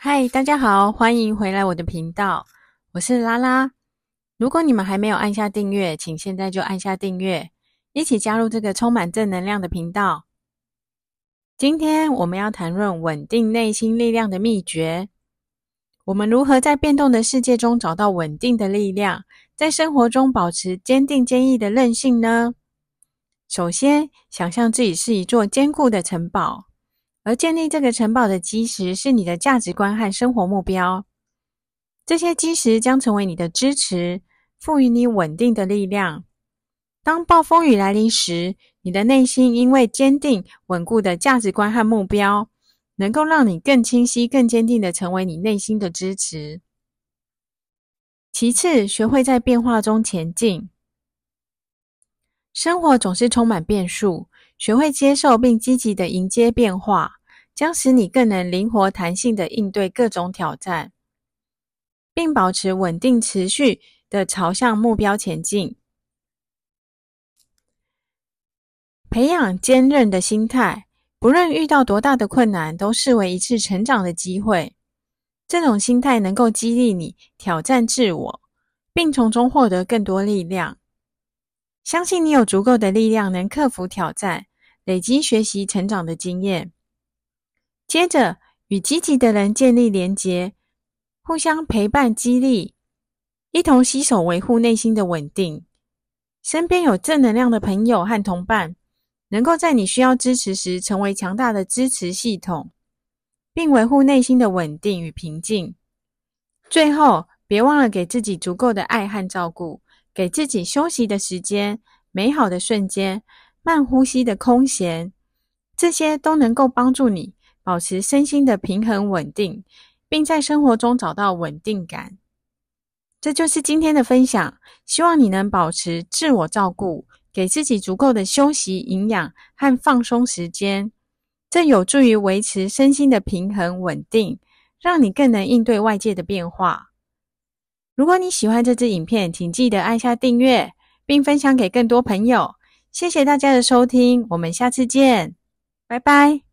嗨，Hi, 大家好，歡迎回來我的頻道，我是拉拉。如果你們還沒有按下訂閱，請現在就按下訂閱，一起加入這個充滿正能量的頻道。今天我們要談論穩定內心力量的秘訣。我們如何在變動的世界中找到穩定的力量，在生活中保持堅定堅毅的韌性呢？首先，想象自己是一座堅固的城堡。而建立這個城堡的基石是你的價值觀和生活目標。這些基石將成為你的支持，賦予你穩定的力量。當暴風雨來臨時，你的內心因為堅定穩固的價值觀和目標，能夠讓你更清晰、更堅定地成為你內心的支持。其次，學會在變化中前進。生活總是充滿變數，學會接受並積極地迎接變化。將使你更能靈活、彈性地應對各種挑戰，並保持穩定、持續地朝向目標前進。培養堅韌的心態，不論遇到多大的困難，都視為一次成長的機會。這種心態能夠激勵你挑戰自我，並從中獲得更多力量。相信你有足夠的力量能克服挑戰，累積學習成長的經驗。接着，與積極的人建立連結，互相陪伴、激勵，一同攜手維護內心的穩定。身邊有正能量的朋友和同伴，能夠在你需要支持時，成為強大的支持系統，並維護內心的穩定與平靜。最後，別忘了給自己足夠的愛和照顧，給自己休息的時間、美好的瞬間、慢呼吸的空閒，這些都能夠幫助你。保持身心的平衡穩定，並在生活中找到穩定感。這就是今天的分享，希望你能保持自我照顧，給自己足夠的休息、營養和放鬆時間，這有助於維持身心的平衡穩定，讓你更能應對外界的變化。如果你喜歡這支影片，請記得按下訂閱，並分享給更多朋友。謝謝大家的收聽，我們下次見，拜拜。